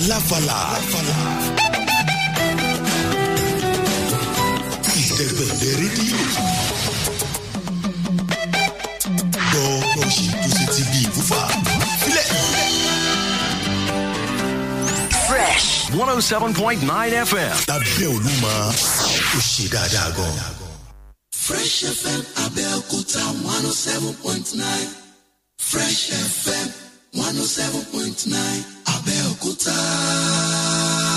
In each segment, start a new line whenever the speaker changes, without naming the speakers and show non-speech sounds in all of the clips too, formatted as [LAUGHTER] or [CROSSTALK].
Falafala. Ìtẹ̀gbẹ̀lẹ̀ rédíò. Gbọ́ òṣì tó ṣe ti bí ìfúfà. Filẹ̀. Fresh one oh seven point nine FM. Lábẹ́ Olúmọ, ó ṣe dáadáa gan. Fresh FM Abẹ́òkúta one oh seven point nine Fresh FM. one oh seven point nine Abẹ́òkúta.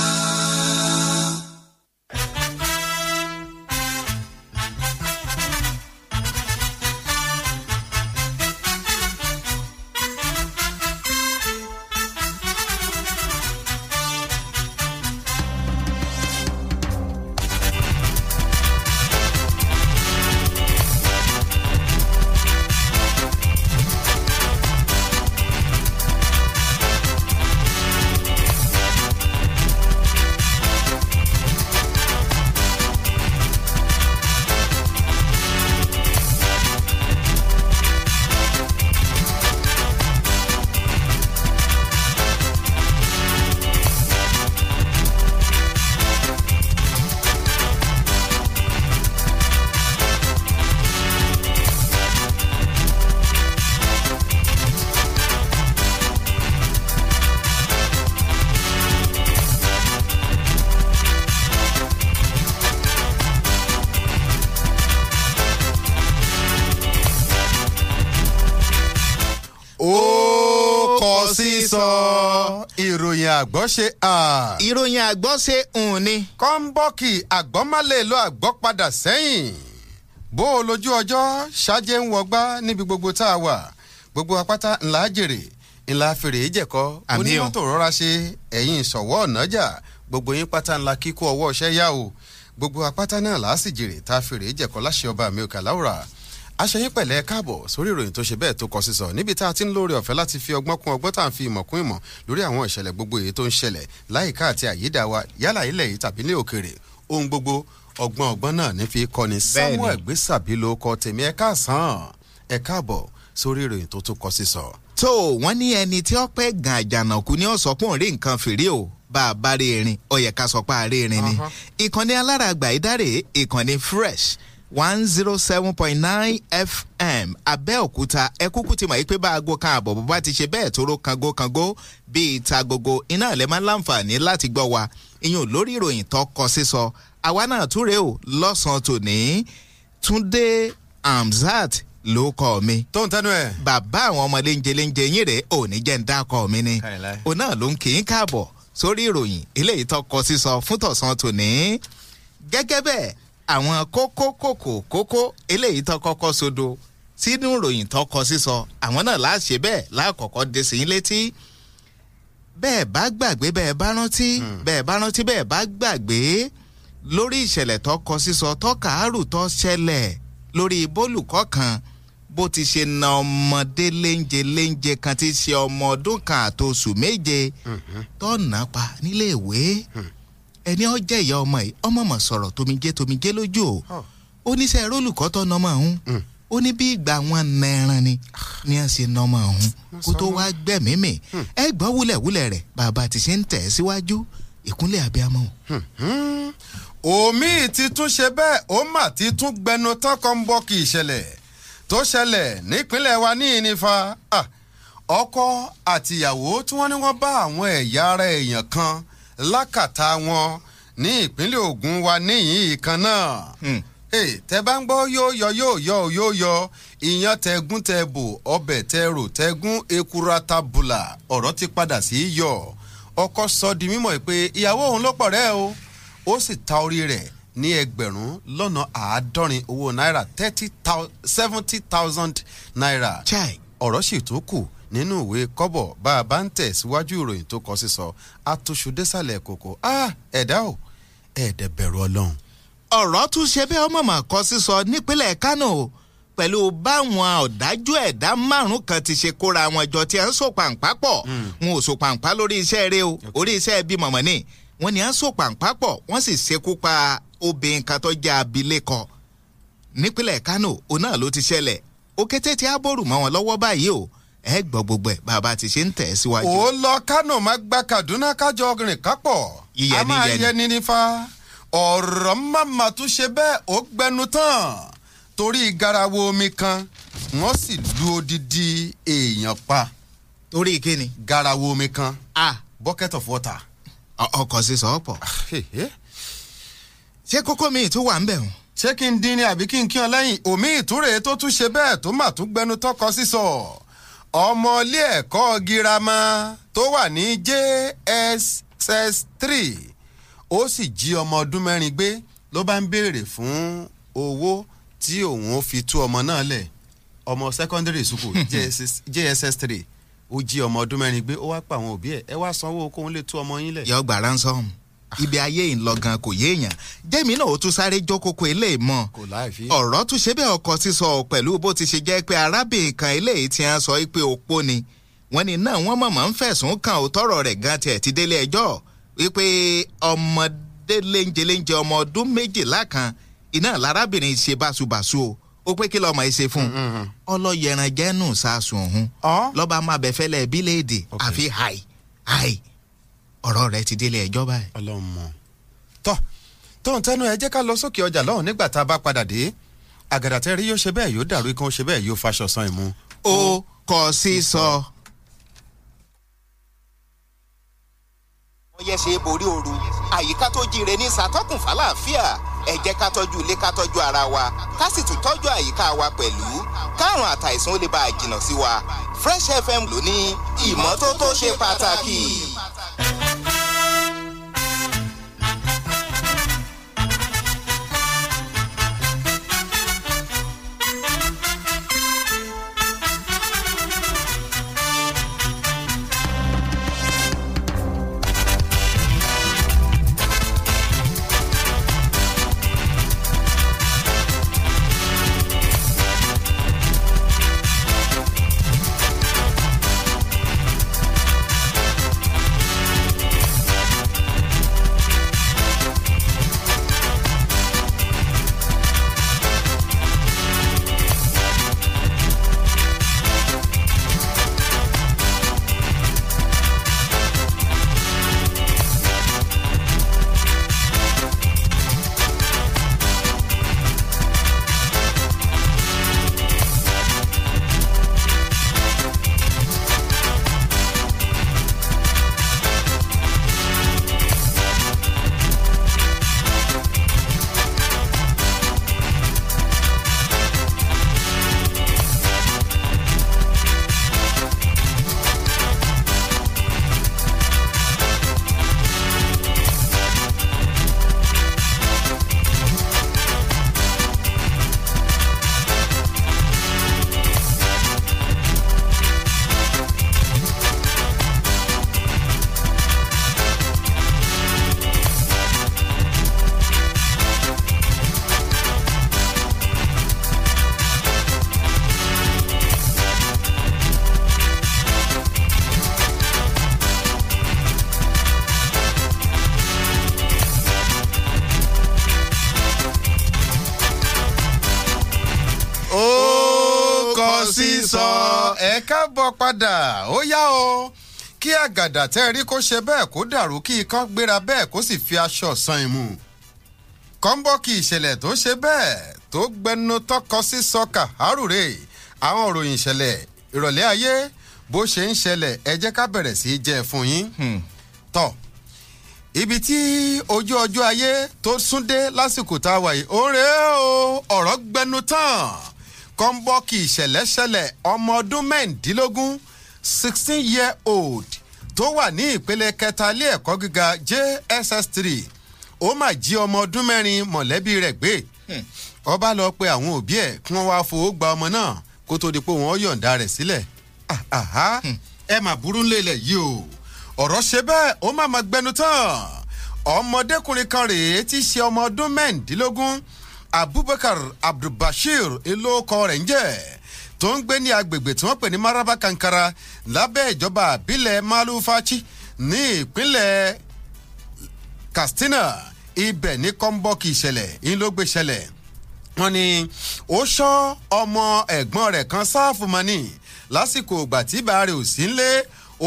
ìròyìn àgbọ̀ ṣe à. ìròyìn àgbọ̀ ṣe ń ni. kọ́ńbọ́ọ̀kì àgbọ̀ má lè lo àgbọ̀ padà sẹ́yìn. bó o lójú ọjọ́ ṣáájẹ́ ń wọgbá níbi gbogbo tá a wà gbogbo apáta ńlá jèrè ńlá fèrè jẹ̀kọ́ onímọ́tò rọra ṣe ẹ̀yìn ìṣọ̀wọ́ ọ̀nàjà gbogbo yín pátá ńlá kíkó ọwọ́ ọ̀ṣẹ́ yá o gbogbo apáta náà làásì tá a fèrè jẹ̀kọ́ láṣẹ ọba mi ò kà láwùrà aṣẹ́yìn pẹ̀lẹ́ káàbọ̀ sórí ìròyìn tó ṣe bẹ́ẹ̀ tó kọ sísọ níbi tá a ti ń lóore ọ̀fẹ́ láti fi ọgbọ́n kún ọgbọ́n tá à ń fi ìmọ̀ kún ìmọ̀ lórí àwọn ìṣẹ̀lẹ̀ gbogbo èyí tó ń ṣẹlẹ̀ láyìíká àti àyídà wa yálà ilẹ̀ yìí tàbí ní òkèrè ohun gbogbo ọgbọ́n ọgbọ́n náà ní fi kọ́ni Samuel Gbèsàbí ló kọ tèmi ẹ káàsán ẹ káàbọ̀ sórí ìròyìn tó tó kọ sísọ. tó
wọn ní ẹni tí ó pẹ́ gan àjànàkú ni ó sọ pé òun rí nǹkan fèrè o bá a bá rí erin ó ká sọ pé a rí erin ni ìkànnì alára ìdárè ìkànnì fresh one zero seven point nine fm abẹ́òkúta ẹ kúkú ti mọ̀ yí pé bá aago kan àbọ̀ bó bá ti ṣe bẹ́ẹ̀ tóró kango kango bíi ta gogo iná lẹ́ máa ń láǹfààní láti gbọ́ wa ìyẹn lórí ìròyìn tó kọ sísọ àwa náà túre o lọ́sàn-án tòní túndé amzat ló kọ mi. tó ń tẹnu ẹ. bàbá àwọn ọmọ léńjẹ léńjẹ yín rèé òní jẹ́ ń dá mi ni. òun náà ló ń kì í káàbọ̀ sórí ìròyìn eléyìí tó kọ sísọ fún tọ̀sán tòní. gẹ́gẹ́ bẹ́ẹ̀ àwọn kókó kòkó kókó eléyìí tó kọ́kọ́ sodo sínú ìròyìn tó kọ sísọ àwọn náà láṣẹ bẹ́ẹ̀ lákọ̀ọ́kọ́ dé sí yín létí bẹ́ẹ̀ bá gbàgbé bẹ́ẹ̀ bá rántí hmm. bẹ́ẹ̀ bá rántí bẹ́ẹ̀ bá gbàgbé lórí ìṣẹ̀lẹ̀ tó kọ sísọ tó kàárù tó ṣẹlẹ̀ lórí bólùkọ́ kan bó ti ṣe na ọmọdé léńje léńje kan ti ṣe ọmọ ọdún kan àtòṣù méje hmm. tó nà pa níléèwé. Mm -hmm ẹni ọ jẹ́ ìyá ọmọ yìí ọmọ mọ̀ sọ̀rọ̀ tomijé tomijé lójú o ó ní sẹ́ rólùkọ́ tọ́ nọmọ ọ̀hún hmm. ó ní bí ìgbà wọn nẹran ni ni a ṣe nọmọ ọ̀hún kó tó wá gbẹ̀mímì hmm. ẹ gbọ́ wúlẹ̀wúlẹ̀ rẹ̀ bàbá ti ṣe ń tẹ̀ síwájú ìkúnlẹ̀ abiyamọ.
Hmm. omi ti tún ṣe bẹ́ẹ̀ ó mà ti tún gbẹnu tán kan bọ́ kí ìṣẹ̀lẹ̀ tó ṣẹlẹ̀ nípínlẹ̀ wa ní ìnífa ah, ọkọ àtìyàwó tí wọ́n ní wọ́n bá àwọn ẹ̀yà ara èèyàn kan lákàtà wọn ní ìpínlẹ̀ Ògùn wa níyìn kan náà. Hmm tẹ bá ń gbọ́ yóò yọ yóò yọ yóò yọ ìyàn tẹ̀gún tẹ̀bù ọbẹ̀ tẹ̀rò tẹ̀gún ekura tabula ọ̀rọ̀ ti padà sí yọ ọkọ sọ di mímọ̀ pé ìyàwó òun ló pọ̀ rẹ́ o ó sì ta orí rẹ̀ ní ẹgbẹ̀rún lọ́nà àádọ́rin owó náírà thirty seventy thousand naira ọ̀rọ̀ sì tún kù nínú ìwé kọ́bọ̀ bá a bá ń tẹ̀síwájú ìròyìn tó kọ sí sọ àtúnṣu désàlẹ̀ kòkó ah, ẹ̀dá ò ẹ̀ẹ́dẹ̀ bẹ̀rù ọlọ́run. ọ̀rọ̀ tún ṣe bẹ́ẹ̀ ọmọ mà kọ sí sọ nípínlẹ̀
Kánò pẹ̀lú báwọn ọ̀dájú ẹ̀dá márùn kan ti ṣe kóra wọn jọ tí à ń sọ pàǹpá pọ̀ hmm. wọn ò sọ pàǹpá lórí iṣẹ́ eré o orí iṣẹ́ bí mọ̀mọ́ ni wọn ni à ń sọ pàǹpá pọ̀ wọ́n sì ṣekú pa obìnrin kan tó jẹ́ abilékọ nípínlẹ̀ Kánò òun náà ló ti ṣẹlẹ̀ ó tí a bọ̀rù mọ́ wọn lọ́wọ́ báyìí o ẹ gbọ́ gbogbo ẹ̀ bàbá ti ṣe ń tẹ̀ ẹ́ síwájú. ó
lọ kánò má gba kaduna kájọ rìn kápọ̀ a máa yẹni nífa ọ̀rọ̀ màmá tún ṣe bẹ́ẹ̀ ó gbẹnu tán torí garawo omi kan wọ́n sì lu odidi èèyàn pa. torí kíni. garawo omi kan. ah bucket of water. ọkọ̀ sísọ ọ̀pọ̀. Ah, ṣé kókó mi tún wà ń bẹ̀ wọ́n ṣé kí n dín ní àbí kí n kí ọ lẹ́yìn omi ìtúre tó tún ṣe bẹ́ẹ̀ tó mà tún gbẹnu tọkọ sísọ ọmọ ilé ẹ̀kọ́ girama tó wà ní JSS three ó sì jí ọmọ ọdún mẹ́rin gbé ló bá ń béèrè fún owó tí òun fi tú ọmọ náà lẹ̀ ọmọ secondary school JSS [LAUGHS] three ó jí ọmọ ọdún mẹ́rin gbé ó wá pa àwọn òbí ẹ̀ ẹ wá sanwó kóun lè tú ọmọ yín lẹ̀. yọ gbà ransom ibi
ayé ìlọgàn kò yéèyàn jẹ́mi náà ó tún sáré jó kókó eléyìí mọ́ ọ̀rọ̀ tún ṣe bẹ́ẹ̀ ọkọ̀ sísọ pẹ̀lú bó ti ṣe jẹ́ pé arábìnrin kan eléyìí ti hàn sọ pé òpó ni wọ́n ní náà wọ́n mọ̀mọ́ ń fẹ̀sùn kàn ó tọrọ rẹ̀ gan tiẹ̀ ti délé ẹjọ́ wípé ọmọdé léńjeléńje ọmọ ọdún méjìlá kan iná lárábìnrin ṣe báṣubàṣu o ó pé kí lọmọ yìí fún un mm, mm, mm. ọlọ́yẹ̀ràn jẹ́nu sàásùn òun lọ́ba máa bẹ̀fẹ́lẹ̀
bíléèdè àfi hàì hàì ọ̀rọ̀ rẹ̀ ti délé ẹjọ́ báyìí. Ọlọ́run mọ̀ tọ́ tóun tẹnu ẹ jẹ́ ká lọ sókè ọjà lọ́hùn nígbà tá a bá padà dé àgàdà tẹ́ rí yóò ṣe bẹ́ẹ̀ yóò dàrú ikán ṣe bẹ́ẹ̀ yóò faṣọ san ìmú. ó kọ sí sọ.
wọ́n yẹ ṣe borí ooru àyíká tó jíire ní sàtọ́kùn fàlàáfíà ẹ jẹ́ ká tọ́jú ilé ká tọ́jú ara wa ká sì tún tọ́jú àyíká wa pẹ̀lú kárùn àtàìsàn ó lè bá jìnnà sí wa Fresh FM ló ní ìmọ́tótó ṣe pàtàkì.
káàbọ̀ padà ó yá o kí àgàdà tẹ́ rí kó ṣe bẹ́ẹ̀ kó dàrú kí ikán gbéra bẹ́ẹ̀ kó sì fi aṣọ san ìmú kọ́ńbọ́ọ̀kì ìṣẹ̀lẹ̀ tó ṣe bẹ́ẹ̀ tó gbẹnu tọkọ sí sọkà àrùrè àwọn òròyìn ìṣẹ̀lẹ̀ ìrọ̀lẹ́ ayé bó ṣe ń ṣẹlẹ̀ ẹ jẹ́ ká bẹ̀rẹ̀ sí í jẹ́ fún yín hmm. tọ̀ ibi tí ojú ọjọ́ ayé tó súndé lásìkò tá a wà yìí ó rèé o ọ̀rọ̀ gbẹnu tán kọ́ńbọ́ọ̀kì ìṣẹ̀lẹ̀ṣẹlẹ̀ ọmọ ọdún mẹ́ǹdínlógún sixteen year old tó wà ní ìpele kẹta ilé ẹ̀kọ́ gíga jss three ó mà jí ọmọ ọdún mẹ́rin mọ̀lẹ́bí rẹ̀ gbé ọba hmm. lọ pe àwọn òbí ẹ̀ kí wọ́n wá fowó gba ọmọ náà kó tó di pé wọ́n yọ̀ǹda rẹ̀ sílẹ̀ hmm. ẹ mà burú lélẹ̀ yìí o ọ̀rọ̀ ṣe bẹ́ẹ̀ ó má má gbẹnu tán ọmọdékùnrin kan rèé tí í ṣe ọmọ ọdún mẹ́ǹdínlógún abubakar abdulbashir ìlókọ rẹ̀ ń jẹ́ tó ń gbé ní agbègbè tí wọ́n pè ní maraba kankara lábẹ́ ìjọba àbílẹ̀ malufachi ní ìpínlẹ̀ katsina ibẹ̀ ní kọ́ńbọ́ọ̀kì ìṣẹ̀lẹ̀ ńlọgbẹ̀ ṣẹlẹ̀ wọ́n ní ó ṣọ́ ọmọ ẹ̀gbọ́n rẹ̀ kan sáàfù mọ́ni lásìkò ìgbà tí bàá rẹ̀ ò sí ńlé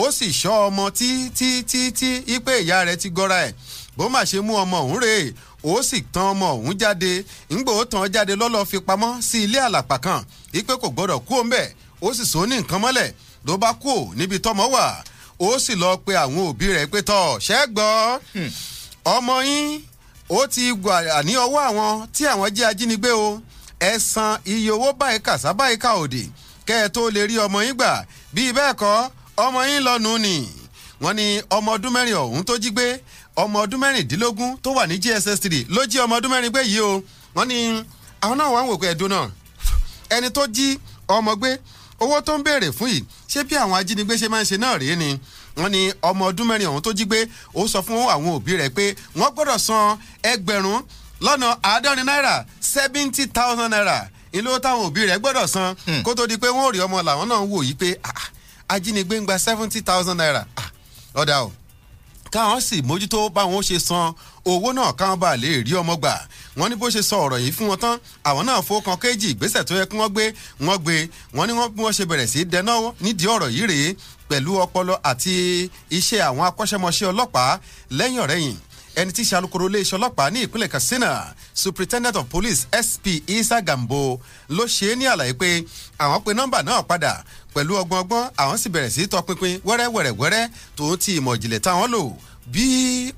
ó sì ṣọ́ ọmọ tí tí tí ipe ìyá rẹ̀ ti gọ́ra ẹ̀ bó má ṣe mú ọmọ òun rèé ó sì tan ọmọ ọ̀hún jáde ńgbò ó tan jáde lọ́lọ́ fi pamọ́ sí ilé àlàpà kan wípé kò gbọ́dọ̀ kú òun bẹ́ẹ̀ ó sì so ní nǹkan mọ́lẹ̀ ló bá kú ò níbi tọ́mọ wà ó sì lọ pe àwọn òbí rẹ̀ pé tọ́ ṣẹ́gbọ́ hmm. ọmọ yín ó ti gbà ní ọwọ́ àwọn tí àwọn jẹ́ ajínigbé o ẹ san iye owó báyìí kàṣá báyìí kà òdì kẹ́ ẹ tó lè rí ọmọ yín gbà bíi bẹ́ẹ̀ kọ́ ọmọ yín lọ́nu nì wọ́n ní ọmọ ọdún mẹ́rin ọ̀hún tó jí gbé ọmọ ọdún mẹ́rìndínlógún tó wà ní JSS three ló jí ọmọ ọdún mẹ́rin gbé yìí o wọ́n ní àwọn náà wà ń wò pé ẹ̀dùn náà ẹni tó jí ọmọ gbé owó tó ń béèrè fún yìí ṣé bí àwọn ajínigbé ṣe máa ń ṣe náà rèé ni wọ́n ní ọmọ ọdún mẹ́rin ọ̀hún tó jí gbé ó sọ fún àwọn òbí rẹ̀ pé wọ́n gbọ́dọ̀ san ẹgbẹ̀rún lọ́nà àádọ́rin náírà seventy thousand naira ìlú táwọn òbí rẹ̀ gbọ́dọ̀ san hmm. kó tó di pé wọ́n ò rí ọmọ làwọn náà wò yìí pé ah, ah, ajínigbé ń gba seventy thousand naira ah, ọ̀dà o káwọn sì mójútó báwọn ó ṣe san owó náà káwọn bá lè rí ọmọ gbà wọn ní bó ṣe sọ ọ̀rọ̀ yìí fún wọn tán àwọn náà fowó kan kéjì ìgbésẹ̀ tó yẹ kí wọ́n gbé wọ́n gbé wọn ní wọ́n bí wọ́n ṣe bẹ̀rẹ̀ sí dẹná nídìí ọ̀rọ̀ yìí rèé pẹ̀lú ọpọlọ àti iṣẹ́ àwọn akọ́ṣẹ́mọṣẹ́ ọlọ́pàá lẹ́yìn ọ̀rẹ́yìn ẹni tí í ṣe alukoro ní ìpínlẹ̀ Katsina superintendent of police SP Isa Gambo ló ṣe é ní àlàyé pé àwọn pe nọ́mbà náà padà pẹ̀lú ọgbọ́n ọgbọ́n àwọn sì bẹ̀rẹ̀ sí tọpinpin wẹ́rẹ́wẹ́rẹ́wẹ́rẹ́ tòun ti ìmọ̀ ìjìnlẹ̀ táwọn lò bí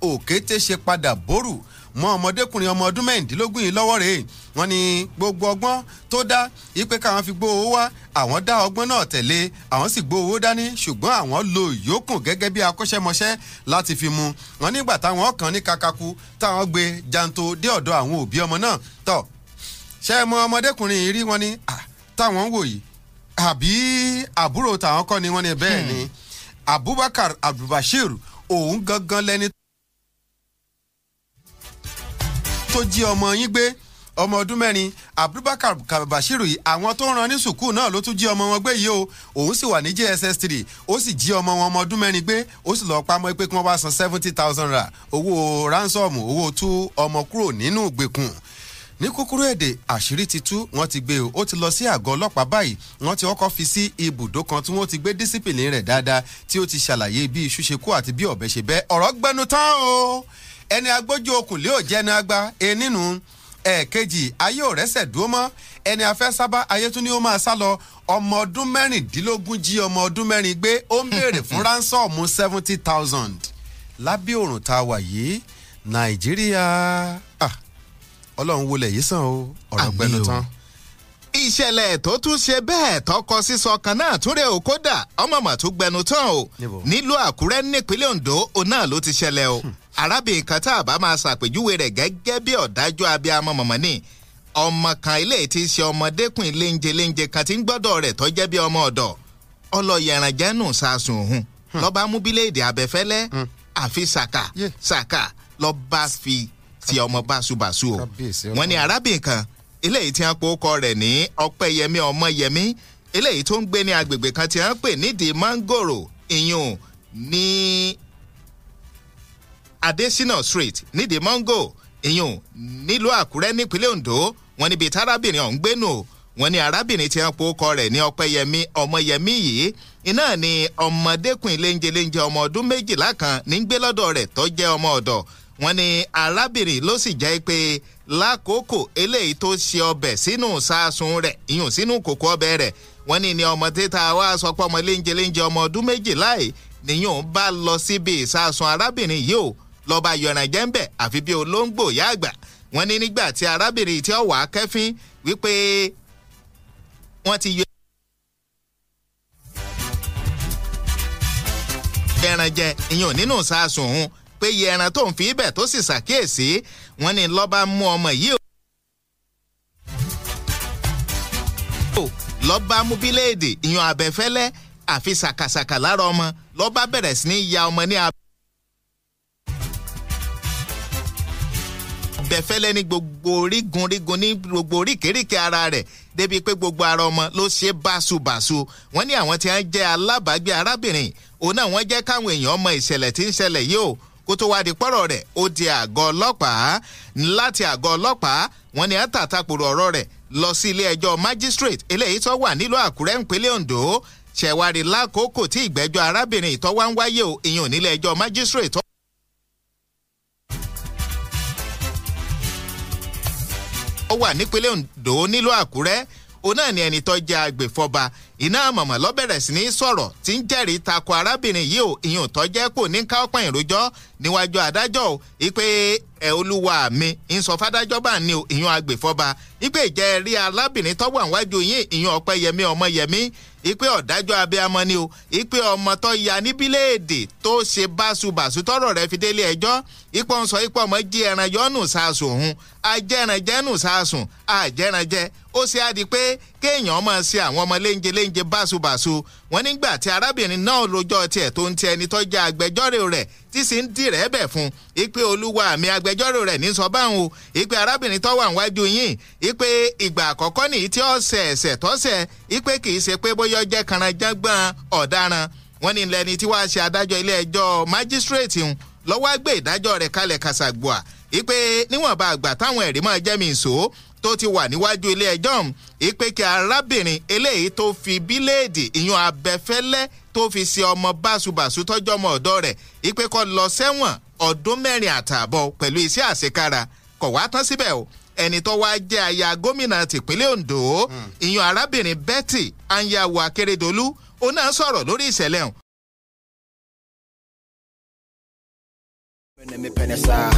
òkété ṣe padà bórù mọ ọmọdékùnrin ọmọ ọdún mẹ́rìndínlógún yìí lọ́wọ́ rèé wọn ni gbogbo ọgbọ́n tó dá ipe káwọn fi gbó owó wá àwọn dá ọgbọ́n náà tẹ̀lé àwọn sì gbó owó dání ṣùgbọ́n àwọn lo ìyókùn gẹ́gẹ́ bí akọ́ṣẹ́mọṣẹ́ láti fi mu wọn nígbà táwọn kàn ní kakaku táwọn gbé janto dé ọ̀dọ̀ àwọn òbí ọmọ náà tọ̀ ṣé ẹ mọ ọmọdékùnrin yìí rí wọn ni táwọn ń wò yìí àbí àbúrò tàwọn kọ́ ni wọ́n ní bẹ́ẹ̀ ni hmm. abubakar abdulbashir òun gangan lẹni tó jí ọmọ yín gbé ọmọ ọdún mẹ́rin abubakar kabashiru yìí àwọn tó ń ran ní sùkúù náà ló tún jí ọmọ wọn gbé yìí o òun sì wà ní jss three ó sì jí ọmọ wọn ọmọ ọdún mẹ́rin gbé ó sì lọ́ọ́ pamọ́ pé kí wọ́n bá san seventy thousand naira owó ránsọ́ọ̀mù owó tú ọmọ kúrò nínú ìgbèkùn ní kúkúrú èdè àṣírí ti tú wọ́n ti gbé o e. ó ti lọ sí àgọ́ ọlọ́pàá báyìí wọ́n ti kọ́kọ́ fi sí ibùdó kan tí wọ́n ti gbé dísípìlì rẹ̀ dáadáa tí ó ti ṣàlàyé bí iṣu ṣe kú àti bí ọ̀bẹ ṣe bẹ́ ọ̀rọ̀ gbẹnu tán o ẹni agbójú okùn lé òjẹ́ ẹni agbá enínú ẹ̀ẹ̀kejì ayé ò rẹ́sẹ̀ dúró mọ́ ẹni afẹ́ sábà ayé tún ni ó máa sá lọ ọmọ ọdún mẹ́rìndínlógún jí ọmọ ọdún mẹ́rin gbé ó ń béèrè fún ránsọ́ọ̀mù seventy thousand lábẹ́ òrùn tá a wà yìí nàìjíríà ah ọlọ́run wọlé yìí sàn o ọ̀rọ̀ gbẹnu tán.
ìṣẹ̀lẹ̀ tó tún ṣe bẹ́ẹ̀ tọkọ sísọ kan náà tún rẹ̀ ó kódà ọmọ mà tún gbẹnu tán o nílùú àkúrẹ́ nípínlẹ̀ ondo òun náà ló ti ṣẹlẹ̀ o hmm. arábìnrin kan tá a bá máa ṣàpèjúwe rẹ̀ gẹ́gẹ́ bí ọ̀dájú abiyamọ mọ̀mọ́ ni ọmọ kan ilé tí í ṣe ọmọdékùn léńje léńje kan ti ń gbọ́dọ̀ rẹ̀ tó jẹ́ bí ọmọ ọ̀dọ̀ ọlọ́yẹranjẹ́nù sàṣùn òhun hmm. lọ́ba mú bíléèdì abẹ́fẹ́lẹ́ hmm. àfi ṣàkà ṣàkà lọ́ba fi ti ọmọ báṣubàṣu o wọn ni arábìnrin kan eléyìí tí wọn pò kọ rẹ̀ ní ọpẹ́yẹmí ọmọyẹmí eléyìí tó ń gbé ní agbègbè kan tí wọn pè nídìí mangoro iyun ní adesina street nídìí mango iyun nílùú àkúrẹ́ nípínlẹ̀ ondo wọn níbi tárábìnrin ọ̀hún gbénu o wọn ní arábìnrin tí wọn po ọkọ rẹ̀ ní ọpẹ́yẹmí ọmọyẹmí yìí iná ni ọmọdékùn léńjeléńje ọmọ ọdún méjìlá kan ní gbé lọ́dọ̀ rẹ̀ tó jẹ́ ọmọ ọ̀dọ̀ wọ́n ní arábìnrin ló sì jẹ́ pé lákòókò eléyìí tó ṣe ọbẹ̀ sínú sásun rẹ̀ ìyún sínú kòkó ọbẹ̀ rẹ̀ wọ́n ní ni ọmọ títa wá sọ pé ọmọ léńjẹ léńjẹ ọmọ ọdún méjìlá yìí níyàn bá lọ síbi ìsásun arábìnrin yìí ó lọ́ba yọ̀ràn jẹ́ńbẹ̀ àfi bí olóńgbò ìyá àgbà wọ́n ní nígbà tí arábìnrin tí ó wà á kẹ́fín wípé wọ́n ti yọ. ẹran jẹ ìyàn nínú sásun òun péye ẹran tó ń fi ibẹ̀ tó sì ṣàkíyèsí wọ́n ní lọ́ba mú ọmọ yìí o lọ́ba mú bíléèdì ìyan abẹ́fẹ́lẹ́ àfi ṣàkàṣàkà lára ọmọ lọ́ba bẹ̀rẹ̀ sí ní ya ọmọ ní abẹ́. abẹ́fẹ́lẹ́ ní gbogbo orígunrígun ní gbogbo oríkèéríkè ara rẹ̀ débi pé gbogbo ara ọmọ ló ṣe báṣubàṣu wọ́n ní àwọn tí wọ́n jẹ́ alábàágbé arábìnrin òun náà wọ́n jẹ́ káwọn èèyàn ọmọ ìṣẹ̀lẹ̀ tí ń ṣẹlẹ̀ yìí o kó tó wá di pọ́rọ̀ rẹ̀ ó di àgọ́ ọlọ́pàá láti àgọ́ ọlọ́pàá wọn ni àtàtàkùrọ̀ ọ̀rọ̀ rẹ̀ lọ sí ilé ẹjọ́ magistrate eléyìí tó wà nílùú àkúrẹ́ ńpẹ́lẹ́ ondo ṣẹ̀wárí lákòókò tí ìgbẹ́jọ́ arábìnrin ìtọ́wá ń wáyé o ìyẹn ò nílé ẹjọ́ magistrate ó wà nípínlẹ̀ ondo nílùú àkúrẹ́ òun náà ni ẹni jẹ́ agbèfọ́ba iná mọ̀mọ́ lọ bẹ̀rẹ̀ sí ní sọ̀rọ̀ tí ń jẹ́rìí tako arábìnrin yìí ò ìyẹn ò tọ́jẹ́ kò ní ká ọ̀pọ̀ ìrójọ́ níwájú adájọ́ ò ipe ẹ̀ olúwa mi ń sọ fádájọ́ bá ní o ìyẹn agbèfọ́ba ipe ìjẹ́ rí arábìnrin tọ́wọ́ àwájú yín ìyẹn ọ̀pẹ́yẹmí ọmọyẹmí ipe ọ̀dájọ́ abiyamọ ni o ipe ọmọ tó ya níbí léèdè tó ṣe báṣubàṣu tọrọ rẹ fi délé ẹjọ́ ipò ń sọ ipò ọmọ jí ẹran yọ́nù sáàsùn òun ajẹ́ranjẹ́nù sáàsùn àjẹ́ranjẹ́ ó ṣe á di pé kéèyàn máa ṣe àwọn ọmọ léńjẹ léńjẹ báṣubàṣu wọn nígbà tí arábìnrin náà lójọ́ tiẹ̀ tó ń ti ẹni tó jẹ́ agbẹjọ́rò rẹ̀ tí sì ń dìrẹ́ bẹ̀ fún ipe olúwa mi agbẹjọ́rò rẹ̀ ní sọ báwọn o ipe arábìnrin tó wà níwájú yín ipe ìgbà àkọ́kọ́ nìyí tí ọ̀sẹ̀ ẹ̀sẹ̀ tọ́sẹ̀ ipe kì í ṣe pé bóyá ọjẹ́ kanranjágbọ́n ọ̀daràn wọn ní lẹni tí wàá ṣe adájọ́ ilé ẹjọ́ májísírèètì ń lọ́wọ́ gbé ìdájọ́ rẹ̀ kalẹ̀ kàṣàgbọ́à ipe níwọ̀nba àgbà táwọn ẹ̀rí máa jẹ́ mi ìṣó tó ti wà níwájú ilé ẹjọ́ ọ̀hún ìpè arábìnrin eléyìí tó fi bíléèdì ìyún abẹ́fẹ́lẹ́ tó fi ṣe ọmọ báṣubàṣu tọ́jú ọmọ ọ̀dọ́ rẹ̀ ìpè lọ sẹ́wọ̀n ọdún mẹ́rin àtààbọ̀ pẹ̀lú iṣẹ́ àṣekára kò wá tán síbẹ̀ o ẹni tó wá jẹ́ aya gómìnà tìpínlẹ̀ Ondo hmm. ìyún arábìnrin Betty Anyanwu Akérédolú òun náà sọ̀rọ̀ lórí ìṣẹ̀lẹ̀ ọ̀hún ne me pene saa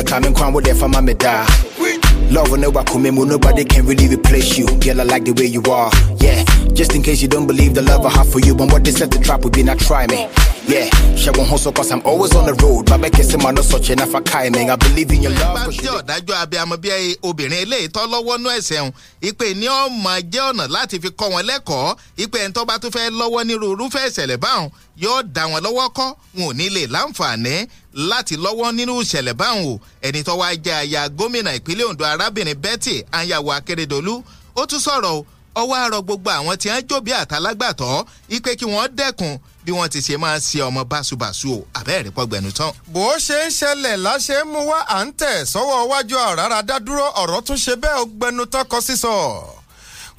ɛka
me nkwa wo Love will never come in, nobody can really replace you. Girl, I like the way you are, yeah. Just in case you don't believe the love I have for you, But what they set the trap would be not try me. Yeah, she won't hustle cause I'm always on the road. Bàbá kẹsì máa ná sọ̀chẹ̀ náà fàkàìmẹ̀. I believe in your love.
That you be Bá jẹ́ ọ̀dájọ́ abiyamọ bí obìnrin eléyìí tọ́ lọ́wọ́ nú ẹ̀sẹ̀ ń. Ìpè ní ọmọ jẹ́ ọ̀nà láti fi kọ́ wọn lẹ́kọ̀ọ́. Ìpè ẹni tó bá tún fẹ́ lọ́wọ́ nírú irúfẹ́ ìṣẹ̀lẹ̀ báwọn yóò dá wọn lọ́wọ́ kọ́. Wọn ò ní lè láǹfààní láti lọ́wọ́ nínú ìṣẹ̀lẹ̀ báwọn o ẹni tó wáá jẹ́ aya gómìnà ìpínlẹ̀ Ondo arábìnrin Betty Anyanwu Akérédolú ó tún sọ̀rọ̀ o ọwọ́ àárọ̀ gbogbo àwọn tí wọ́n jòbí àtàlágbàtọ́ ipe kí wọ́n dẹ́kun bí wọ́n ti ṣe
máa ń ṣe ọmọ báṣubàṣu o àbẹ́ẹ̀rẹ́ pọ́gbẹ́nu tán. bó ṣe ń ṣẹlẹ̀ láṣẹ mú wá à ń tẹ̀ sọ́wọ́ iwájú àràrà dádúró ọ̀rọ̀ tún ṣe bẹ́ẹ̀ ó gbẹnu tán kọ sísọ.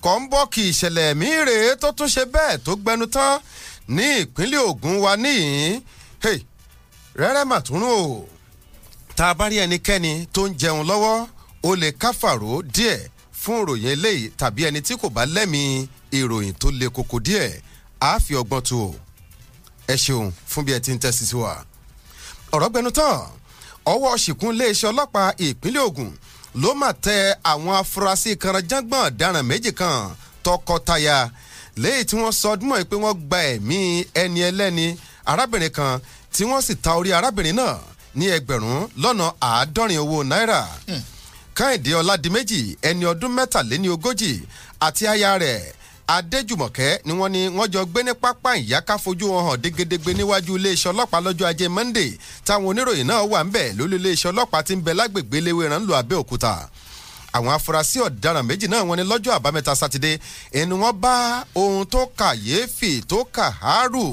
kọ́ńbọ́ọ̀kì ìṣẹ̀lẹ̀ mí rèé tó tún ṣe bẹ́ẹ̀ tó gbẹnu tán ní ìpínlẹ̀ Ògùn wa níyìn rẹ́rẹ́ màtúrún o tá a bá rí ẹnikẹ́ni tó ń jẹun lọ́wọ́ ó lè káfàró díẹ̀ fún ìròyìn eléyìí tàbí ẹni tí kò bá lẹ́mìí ìròyìn tó le koko díẹ̀ á fi ọgbọ́n tu o ẹ ṣeun fún bí ẹ ti ń tẹ́sí sí wa. ọ̀rọ̀ gbẹnu tán ọwọ́ ṣìkún iléeṣẹ́ ọlọ́pàá ìpínlẹ̀ Ògùn ló mà tẹ àwọn afurasí kanranjágbọ̀n ọ̀daràn méjì kan tọkọtaya lẹ́yìn tí wọ́n sọ ọdún mọ́ pé wọ́n gba ẹ̀mí ẹni ẹlẹ́ni arábìnrin kan tí wọ́n sì ta orí arábìnrin náà ní ẹgbẹ̀rún lọ́nà àádọ́rin owó náírà hmm. káyìndé ọládìméjì ẹni ọdún mẹ́tàléní ogójì àti aya rẹ̀ adéjùmọ̀kẹ́ ni wọ́n ní wọ́n jọ gbé ní pápá ìyáká fojú wọn hàn dégedégbé níwájú iléeṣẹ́ ọlọ́pàá lọ́jọ́ ajé monday táwọn oníròyìn náà wà ń bẹ̀ lólú iléeṣẹ́ ọlọ́pàá ti ń bẹ lágbègbè léwéran lu abẹ́òkúta àwọn afurasí ọ̀daràn méjì náà wọ́n ní lọ́jọ́ àbámẹ́ta sátidé ẹnu wọn bá ohun tó kàyéfì tó kàárù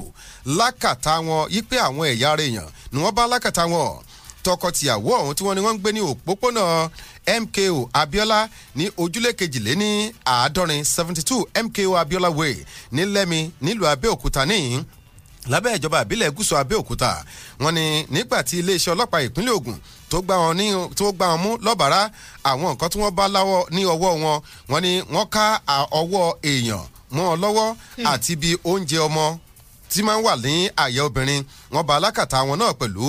lákàtà wọn yí pé àwọn ẹ̀yà ara èèyàn ni wọ́n bá lákàtà wọn tọkọtìyàwó ọ̀hún tí wọ́n ní wọ́n ń gbé ní òpópónà MKO Abiola ní ojúlé kejìlé ní àádọ́rin seventy two MKO Abiola way ní Lẹ́mi nílùú Abẹ́òkúta níyìn lábẹ́ ìjọba ìbílẹ̀ gúúsù Abẹ́òkúta wọ́n ní nígbà tí iléeṣẹ́ ọlọ́pàá ìpínlẹ̀ Ògùn tó gbá wọn ní tó gbá wọn mú lọ́bàrá àwọn nǹkan tí wọ́n bá láwọ́ ní ọwọ́ wọn wọ́n ní wọ́n ká ọwọ́ èèyàn mọ́ ọ lọ́wọ́ hmm. àti bí oúnjẹ ọmọ tí máa ń wà ní àyà obìnrin wọ́n bá alákàtà wọn náà pẹ̀lú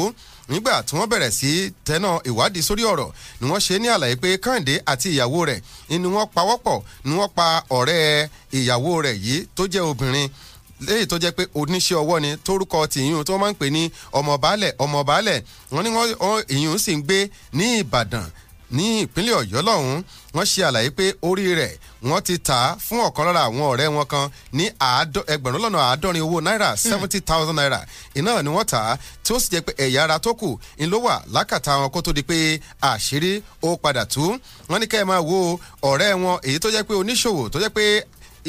nígbà tí wọ́n bẹ̀rẹ̀ sí tẹ́nà ìwádìí sórí ọ̀rọ̀ ni wọ́n ṣe ní àlàyé pé Kẹ́hìndé àti ìyàwó rẹ̀ ni wọ́n pawọ́pọ̀ ni wọ́n pa ọ̀rẹ́ ìyàwó rẹ̀ yìí tó jẹ́ obìnrin léyìí tó jẹ́ pé oníṣẹ́ ọwọ́ ni tórúkọ tìyún tó máa ń pè ní ọmọ baálẹ̀ ọmọ baálẹ̀ wọ́n ní wọ́n ìyún sì ń gbé ní Ìbàdàn ní ìpínlẹ̀ Ọ̀yọ́ lọ́hùn wọ́n ṣe àlàyé pé orí rẹ̀ wọ́n ti tà á fún ọ̀kan lára àwọn ọ̀rẹ́ wọn kan ní ẹgbẹ̀rún lọ́nà àádọ́rin owó náírà hmm. seventy thousand naira iná ni wọ́n tà á tí ó sì jẹ́ pé ẹ̀yà ara tó kù ń ló wà lákàtà wọn kó tó di pé àṣírí ó padà tú wọ́n ní kẹ́ ẹ máa wo ọ̀rẹ́ wọn èyí tó jẹ́ pé oníṣòwò tó jẹ́ pé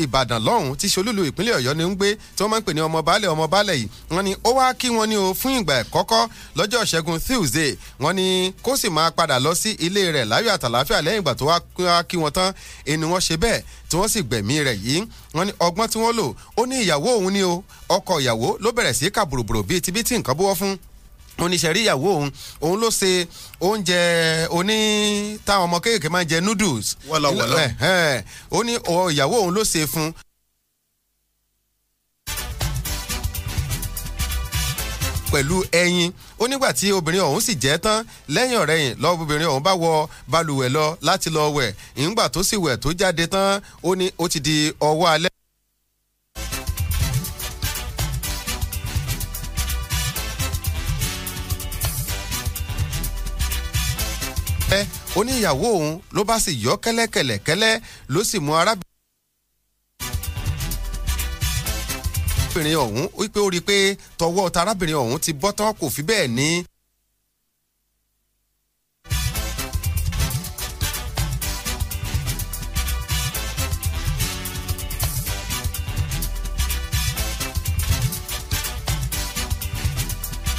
ìbàdàn lọ́hùn tí ṣolúlu ìpínlẹ̀ ọ̀yọ́ ni ń gbé tí wọ́n máa ń pè ní ọmọ baálẹ̀ ọmọ baálẹ̀ yìí wọ́n ní ó wá kí wọ́n ní o fún ìgbà ẹ̀kọ́kọ́ lọ́jọ́ ṣẹ́gun tuesday wọ́n ní kó sì máa padà lọ sí ilé rẹ̀ láyọ̀ àtàláfíà lẹ́yìn ìgbà tó wá kí wọ́n tán ẹni wọ́n ṣe bẹ́ẹ̀ tí wọ́n sì gbẹ̀mí rẹ̀ yìí wọ́n ní ọgbọ́n tí wọ́n lò ó ní ìyàwó òun ni o ọkọ ìyàwó oníṣẹ́rí ìyàwó òun òun ló ṣe oúnjẹ oní táwọn ọmọ kéékèèké máa ń jẹ noodles. wọ́lọ̀wọ́lọ̀ ó ní ìyàwó òun ló ṣe fún un pẹ̀lú ẹyin ó nígbà tí obìnrin ọ̀hún sì jẹ́ tán lẹ́yìn ọ̀rẹ́yìn lọ́bìnrin ọ̀hún bá wọ balùwẹ̀ lọ láti lọ wẹ̀ ìgbà tó sì wẹ̀ tó jáde tán ó ní ó ti di ọwọ́ alẹ́. fẹ́ ó ní ìyàwó òun ló bá sì yọ kẹ́lẹ́kẹ́lẹ́kẹ́lẹ́ ló sì mú arábìnrin. arábìnrin ọ̀hún wípé ó rí i pé tọwọ́ tarábìnrin ọ̀hún ti bọ́ tán kò fi bẹ́ẹ̀ ní.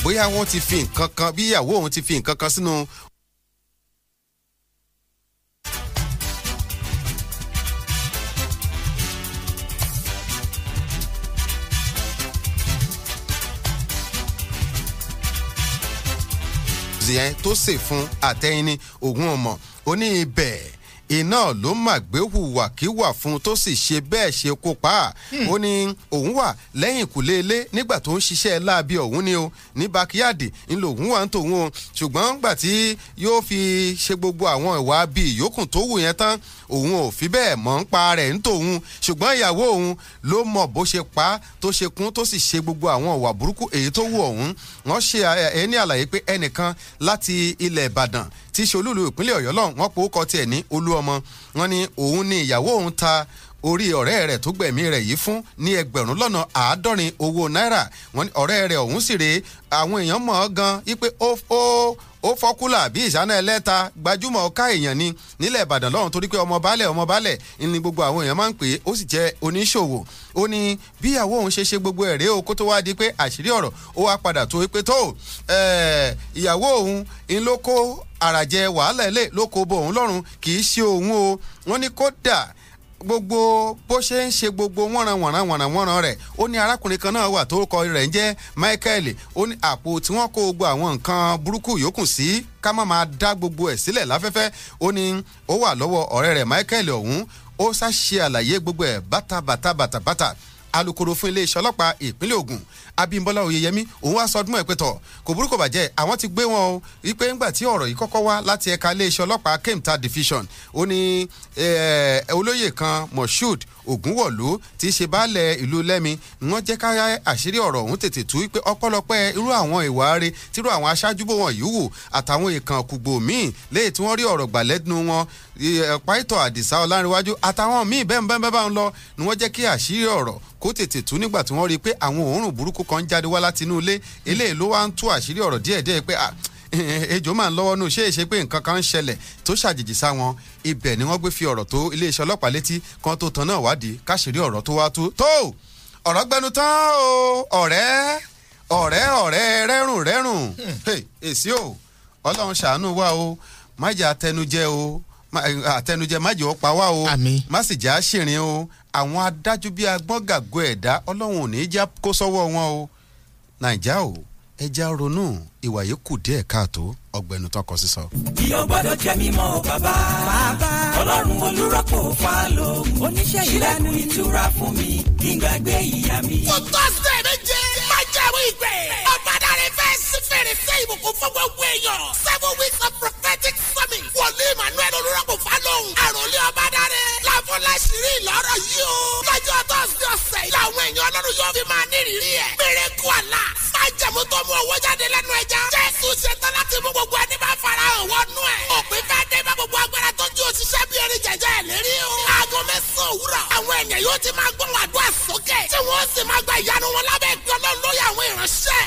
bóyá wọ́n ti fi nǹkan bí ìyàwó òun ti fi nǹkan sínú yẹn tó sè fún àtẹ̀yìn ní ògùn ọmọ ó iná ló mà gbé hùwàkíwà fún tó sì ṣe bẹ́ẹ̀ ṣe kópa hmm. ó ní òun wà lẹ́yìn ìkùlé ilé nígbà tó ń ṣiṣẹ́ láabi ọ̀hún ni o ní bakíyàdì ń lo òun wà ń tòun o ṣùgbọ́n gbà tí yóò fi ṣe gbogbo àwọn ìwà bíi ìyókù tó wù yẹn tán òun ò fi bẹ́ẹ̀ mọ̀ ń pa rẹ̀ ń tòun ṣùgbọ́n ìyàwó òun ló mọ̀ bó ṣe pa tó ṣe kún tó sì ṣe gbogbo àwọn ìwà burúkú èyí tó wù ọ̀hún wọ́n ṣe ẹni àlàyé pé ẹnìkan láti ilẹ̀ Ìbàdàn tí í ṣe olúlu ìpínlẹ̀ ọ̀yọ́ lọ́hùn wọ́n pòókọ tiẹ̀ ní olúọmọ wọ́n ní òun ni ìyàwó òun ta orí ọ̀rẹ́ rẹ̀ tó gbẹ̀mí rẹ̀ yìí fún ní ẹgbẹ̀rún lọ́nà àádọ́rin owó náírà wọn ọ̀rẹ́ rẹ̀ ọ̀hún sì rèé àwọn èèyàn mọ̀ ọ́ gan wípé ó ó ó fọ́kúlà bí ìṣáná ẹlẹ́ta gbajúmọ̀ ọ̀ká èèyàn ni nílẹ̀ Ìbàdàn lọ́run torí pé ọmọ baálẹ̀ ọmọ baálẹ̀ ni gbogbo àwọn èèyàn máa ń pè é ó sì jẹ́ oníṣòwò ó ní bíyàwó òun ṣe ṣe gbogbo ẹ̀rẹ́ o kó tó wá di pé àṣírí ọ̀rọ̀ ó wá padà tó wípé tó ìyàwó òun ń ló kó àràjẹ wàhálà ẹlẹ́ ló kó bo òun lọ́rùn kì í ṣe òun o wọ́n ní kódà gbogbo bó ṣe ń ṣe gbogbo wọ́nran wọ̀nran wọ̀nran wọ̀nran rẹ̀ ó ní arákùnrin kan náà wà tó kọ rẹ̀ ń jẹ́ Michael ó ní àpò tí wọ́n kó gbogbo àwọn nǹkan burúkú yòókù sí ká má máa dá gbogbo ẹ̀ sílẹ̀ láfẹ́fẹ́ ó ní ó wà lọ́wọ́ ọ̀rẹ́ rẹ̀ Michael ọ̀hún ó sá àlàyé gbogbo ẹ̀ bàtàbàtàbàtàbàtà alukoro fún iléeṣẹ́ ọlọ́pàá ìpínlẹ̀ Ògùn abimbola oyèyẹmí òun wá sọdún ẹ̀ pé tọ̀ kò burú kò bàjẹ́ àwọn ti gbé wọn o wípé ńgbà tí ọ̀rọ̀ yìí kọ́kọ́ wá láti ẹ̀ka iléeṣẹ́ ọlọ́pàá kemta division ó ní olóyè kan moshood ògúnwọ̀lú tí í ṣe baálẹ̀ ìlú lẹ́mi wọ́n jẹ́ ká àṣírí ọ̀rọ̀ ọ̀hún tètè tú pé ọpẹ́lọpẹ́ irú àwọn ìwà rẹ̀ tírú àwọn aṣáájú bò wọ̀nyí wò àtàwọn ìkàn kùgbò míì léyìí tí wọ́n rí ọ̀rọ̀ gbà lẹ́nu wọn pàìtọ̀ àdìsá ọlárìnwájú àtàwọn míì bẹ́ẹ̀ bẹ́ẹ̀ bá ń lọ ni wọ́n jẹ́ kí àṣírí ọ̀rọ̀ kó tètè tú nígbà tí wọ́n rí i pé àwọn òórùn burúkú burúkú kan jáde wá láti inú ilé eléyìí ló wá ń tú àṣírí ọ̀rọ̀ díẹ̀díẹ̀ pé ah, [LAUGHS] ejò máa ń lọ́wọ́ nù ṣé èṣe pé nǹkan kan ń ṣẹlẹ̀ tó ṣàjèjì sáwọn ibẹ̀ ni wọ́n gbé fi ọ̀rọ̀ tó iléeṣẹ́ ọlọ́pàá létí kan tó tan náà wádìí káṣírí ọ̀rọ̀ tó wá tú tó ọ̀rọ̀ gbẹnu tán o ọ̀rẹ́ ọ̀rẹ́ ọ̀rẹ́ rẹ́rùn rẹ́rùn hmm. èsì o ọlọ́run ṣàánú wa o májà tẹnu jẹ o àtẹnujẹ májè pa wá o má sì já ṣèrìn o àwọn adájú bíi agbọ́n ẹ̀dá ọlọ́run ò ní í já kó sọ́wọ́ wọn o nàìjà o ẹja ronú ìwà yìí kù díẹ̀ káàtó ọgbẹ́ni tó sísọ.
ìyá gbọ́dọ̀ jẹ́ mímọ́ bàbá ọlọ́run olùrọ́pò fa oníṣẹ́ ìlànà ìtura fún mi kí n gbàgbé ìyá mi. kò sẹ́ẹ̀ méje jẹ́ ìwé ìgbẹ́ ọ̀bàdàn rẹ̀ fẹ́ẹ́ sí fèrèsé ìbùkún fún gbogbo èèyàn seven weeks ọlọ́run àròlé ọba dáre láfọláṣírí ìlọ́rọ̀ yìí o lọ́jọ́ tọ́sí ọ̀sẹ̀ làwọn èèyàn ọlọ́run yóò fi máa nírìírí ẹ̀ péré kú àlà májẹ̀mú tó mú owó jáde lẹ́nu ẹja jésù ṣetán láti mú gbogbo ẹni bá fara hàn wọnú ẹ̀ òpin fẹ́ dé bá gbogbo agbára tó ju òṣìṣẹ́ bí erin jẹjẹ ẹ̀ lérí o aago mẹ́sàn-án òwúrọ̀ àwọn èèyàn yóò ti máa gbọ́ wàdúrà sókè tí wọ́n sì máa gba ìyanu wọn lábẹ́ ìgbọ́lọ́ lórí àwọn ìránṣẹ́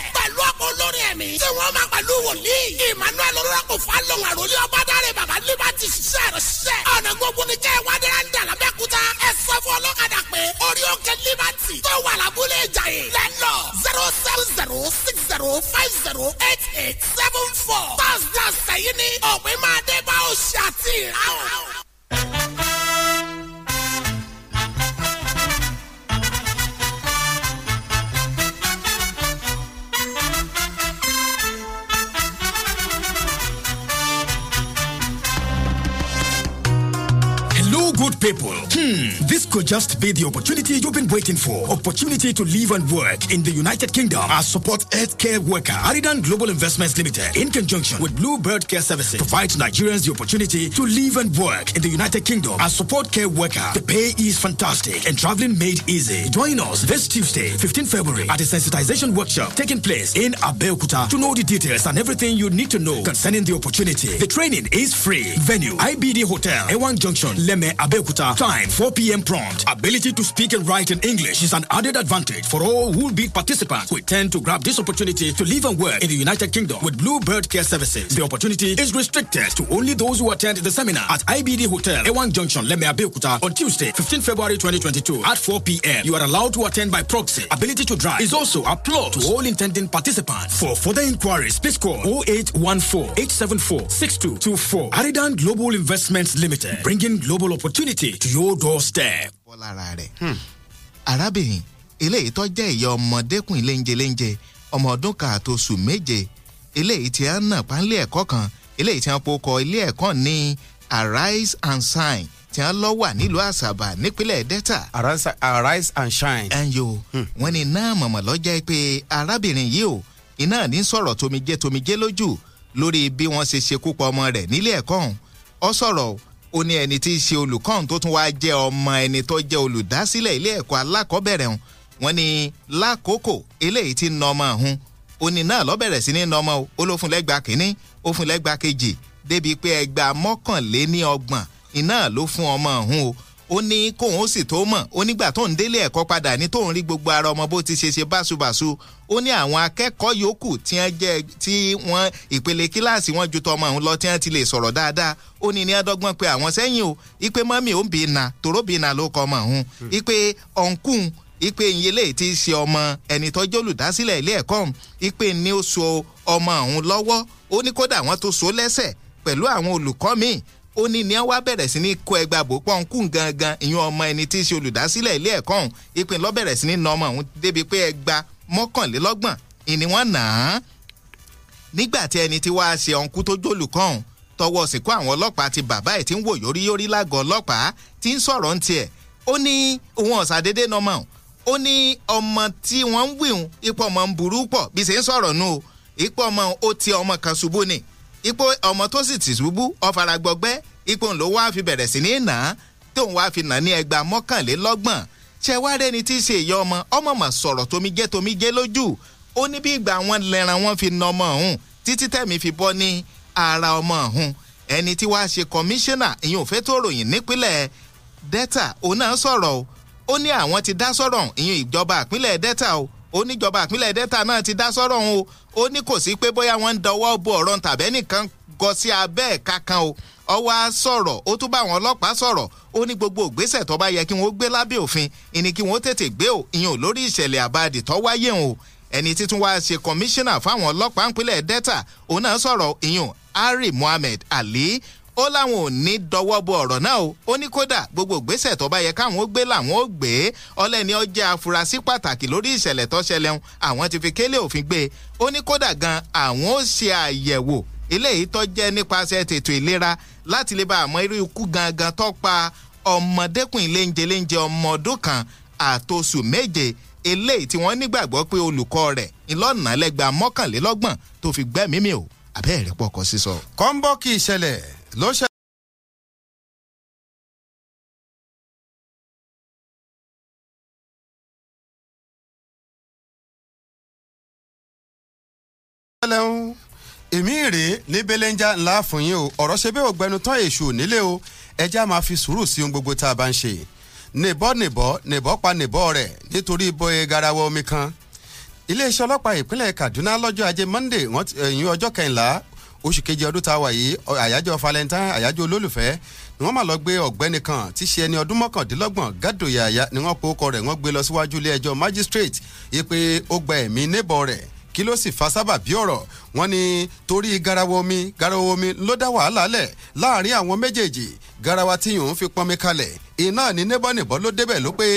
pé wọ́n máa pẹ̀lú wòlíì. Emmanuel olóra kò àròlé ọba dáre bàbá Liberty ṣiṣẹ́ rẹ̀ ṣiṣẹ́. Ọ̀nà gbogbo ni jẹ́ ìwádìí rẹ̀ ń dà lábẹ́kúta. Ẹ sọ fún ọlọ́kadà pé orí òkè Liberty tó wà lábúlé ìjà yìí. Lẹ́nà zero seven zero six zero five zero eight eight seven four. Thursday ọ̀sẹ̀ yìí ni ọ̀pẹ máa dé bá òṣì àti ìràwọ̀. people could just be the opportunity you've been waiting for. Opportunity to live and work in the United Kingdom as support healthcare worker. Aridan Global Investments Limited, in conjunction with Bluebird Care Services, provides Nigerians the opportunity to live and work in the United Kingdom as support care worker. The pay is fantastic and traveling made easy. Join us this Tuesday, 15 February, at a sensitization workshop taking place in Abeokuta to know the details and everything you need to know concerning the opportunity. The training is free. Venue IBD Hotel, Ewang Junction, Leme Abeokuta. Time 4 p.m. prompt. Ability to speak and write in English is an added advantage for all would-be participants who intend to grab this opportunity to live and work in the United Kingdom with Bluebird Care Services. The opportunity is restricted to only those who attend the seminar at IBD Hotel, A1 Junction, Lemia Abeokuta on Tuesday, 15 February 2022 at 4 p.m. You are allowed to attend by proxy. Ability to drive is also a plus to all intending participants. For further inquiries, please call 0814-874-6224. Aridan Global Investments Limited, bringing global opportunity to your doorstep. bọ́ lára rẹ̀. Hmm. arábìnrin eléyìí tó jẹ́ ìyá ọmọdékùn léńjẹ léńjẹ
ọmọ ọdún kan àtòsù méje eléyìí tí wọ́n nà pánlé ẹ̀kọ́ kan eléyìí tí wọ́n pokọ ilé ẹ̀kọ́ ní arise and shine tí wọ́n lọ wà nílùú àṣàbà nípínlẹ̀ delta. arise and shine. ẹnyo hmm. wọn ni náà mọ̀mọ́ lọ́jọ́ pé arábìnrin yìí o iná ní sọ̀rọ̀ tomijé tomijé lójú lórí bí wọ́n ṣe ṣekú pa ọmọ rẹ̀ nílé ẹ̀kọ́ ọ̀hún sọ̀rọ̀ ó ní ẹni tí í ṣe olùkọ́hún tó tún wáá jẹ́ ọmọ ẹni tó jẹ́ olùdásílẹ̀ ilé ẹ̀kọ́ alákọ̀ọ́bẹ̀rẹ̀ hùn wọ́n ní lákòókò eléyìí ti na ọmọ ọ̀hún òní náà lọ́bẹ̀rẹ̀ sí ní na ọmọ ó ló fún lẹ́gba kínní ó fún lẹ́gba kejì débi pé ẹgbàá mọ́kànléní iná ló fún ọmọ ọ̀hún o ó ní kóun ó sì tó mọ̀ ó nígbà tóun délé ẹ̀kọ́ padà ní tóun rí gbogbo ara ọmọ bó ti ṣe ṣe báṣubàṣu ó ní àwọn akẹ́kọ̀ọ́ yòókù tí wọ́n jẹ́ tí wọ́n ìpele kíláàsì wọn ju tọmọ òun lọ tí wọ́n ti lè sọ̀rọ̀ dáadáa ó ní ní ọdọ́gbọ́n pé àwọn sẹ́yìn o ipe mọ́mì ó ń bí na tòró bí na ló kọ́ ọmọ òun hmm. ipe ọ̀nkùn ipe ìyẹlẹ tí í ṣe ọmọ ẹni olùdásílẹ̀ ilé ẹ̀kọ́ ipe ní ó so ọmọ òun lọ́wọ́ ó ní kódà wọ́n tó so lẹ́sẹ̀ pẹ̀lú àwọn olùkọ́ míì ó ní ní wá bẹ̀rẹ̀ sí ní kó ẹgbàá bò pọ̀ nkú gangan ìyún ọmọ ẹni tí í ṣe olùdásílẹ̀ ilé ẹ̀kọ́ ọ̀hún ìpín lọ́ bẹ̀rẹ̀ sí ní na ọmọ ọ̀hún débi pé ẹgbàá mọ́kànlélọ́gbọ̀n ìní wọ́n nà án nígbà tí ẹni tí wàá ṣe ọ̀nkú tó jólùkọ́ ọ̀hún tọwọ́ sìnkú àwọn ọlọ́pàá ti bàbá ẹ̀ tí ń wò yórí yórí lágọ̀ọ́ ọlọ́pàá ipò ọmọ tó sì Tinubu ọ̀faragbọgbẹ́ ipò ńlọ wá fi bẹ̀rẹ̀ sí ní nà á tóun wá fi nà ní ẹgbàá mọ́kànlélọ́gbọ̀n ṣẹ wá rẹni tí í ṣe ìyá ọmọ ọmọ mà sọ̀rọ̀ tomijé tomijé lójú ó ní bí ìgbà wọn lẹ́ran wọn fi nà ọmọ ọ̀hún títí tẹ̀mí fi bọ́ ní ara ọmọ ọ̀hún ẹni tí wàá ṣe kọmíṣánná ìyẹn òfé tó ròyìn nípínlẹ̀ Delta òun náà sọ̀rọ̀ o ó ní àwọn ti dá sọ̀rọ̀ ìyẹn ó níjọba àpínlẹ̀ delta náà ti dá sọ́rọ̀ òun o ó ní kò sí pé bóyá wọ́n ń dọwọ́ bo ọ̀rọ̀ tàbẹ́nìkan gọ sí abẹ́ ẹ̀ka kan o ó wá sọ̀rọ̀ ó tún bá àwọn ọlọ́pàá sọ̀rọ̀ ó ní gbogbo ògbésẹ̀ tó bá yẹ kí wọ́n gbé lábẹ́ òfin ìní kí wọ́n tètè gbé o ìyẹn ò lórí ìṣẹ̀lẹ̀ àbáàdì tó wáyé o ẹni títún wá ṣe kọmíṣánná fáwọn ọlọ́pàá ńpínlẹ̀ delta òun náà sọ̀rọ̀ ìyẹn Ari Mohammed Ali ó láwọn ò ní dọwọ́ bo ọ̀rọ̀ náà o ó ní kódà gbogbo ìgbésẹ̀ tó bá yẹ káwọn ó gbé làwọn ó gbé ọlẹ́ni ó jẹ́ afurasí pàtàkì lórí ìṣẹ̀lẹ̀ tó ṣẹlẹ̀ ń àwọn ti fi kélé òfin gbé e ó ní kódà gan àwọn ó ṣe àyẹ̀wò eléyìí tó jẹ́ nípasẹ̀ tètò ìlera láti lè bá àmọ́ irú ikú gangan tó pa ọmọdékùnrin léńjẹ léńjẹ ọmọ ọdún kan àtosù méje eléyìí tí wọ́n nígbàgbọ́ pé olùkọ́ rẹ̀ ńlọ́nà lẹ́gbàá mọ́kànlélọ́gbọ̀n tó fi gbẹ́mímì o àbẹ́ẹ̀rẹ́pọ̀ kọ sísọ. kọ́ńbọ́ọ̀kì ìṣẹ̀lẹ̀ ló ṣe.
èmi rèé ní belenja ńlá fún yín o ọ̀rọ̀ ṣe
bẹ́ẹ̀ ògbẹ́nu tán èṣù nílé o ẹja máa fi sùúrù sí ohun gbogbo tá a bá ń ṣe nìbọ́ nìbọ́ nìbọ́ pa nìbọ́ rẹ̀ nítorí bóyá garawa omi kan iléeṣẹ́ ọlọ́pàá ìpínlẹ̀ kaduna lọ́jọ́ ajé monde ẹ̀yìn ọjọ́ kẹrìnlá oṣù keje ọdún tá a wà yìí àyájọ́ valentine àyájọ́ olólùfẹ́ ni wọ́n mà lọ gbé ọ̀gbẹ́ni kan tí ṣe ẹni ọdún mọ́kàndínlọ́gbọ̀n gàdò yàyà ni wọ́n pe orúkọ rẹ̀ wọ́n gbé lọ síwájú ilé ẹjọ́ magistrate yìí pé ó gba ẹ̀mí neighbor rẹ̀ kí ló sì fa sábàbí ọ̀rọ̀ wọn ni torí garawa omi garawa omi ló dá wàhálà lẹ̀ láàrin àwọn méjèèjì garawa tíyùn fi pọnmi kalẹ̀ iná ní nébọ̀nìbọ̀ ló débẹ̀ ló pé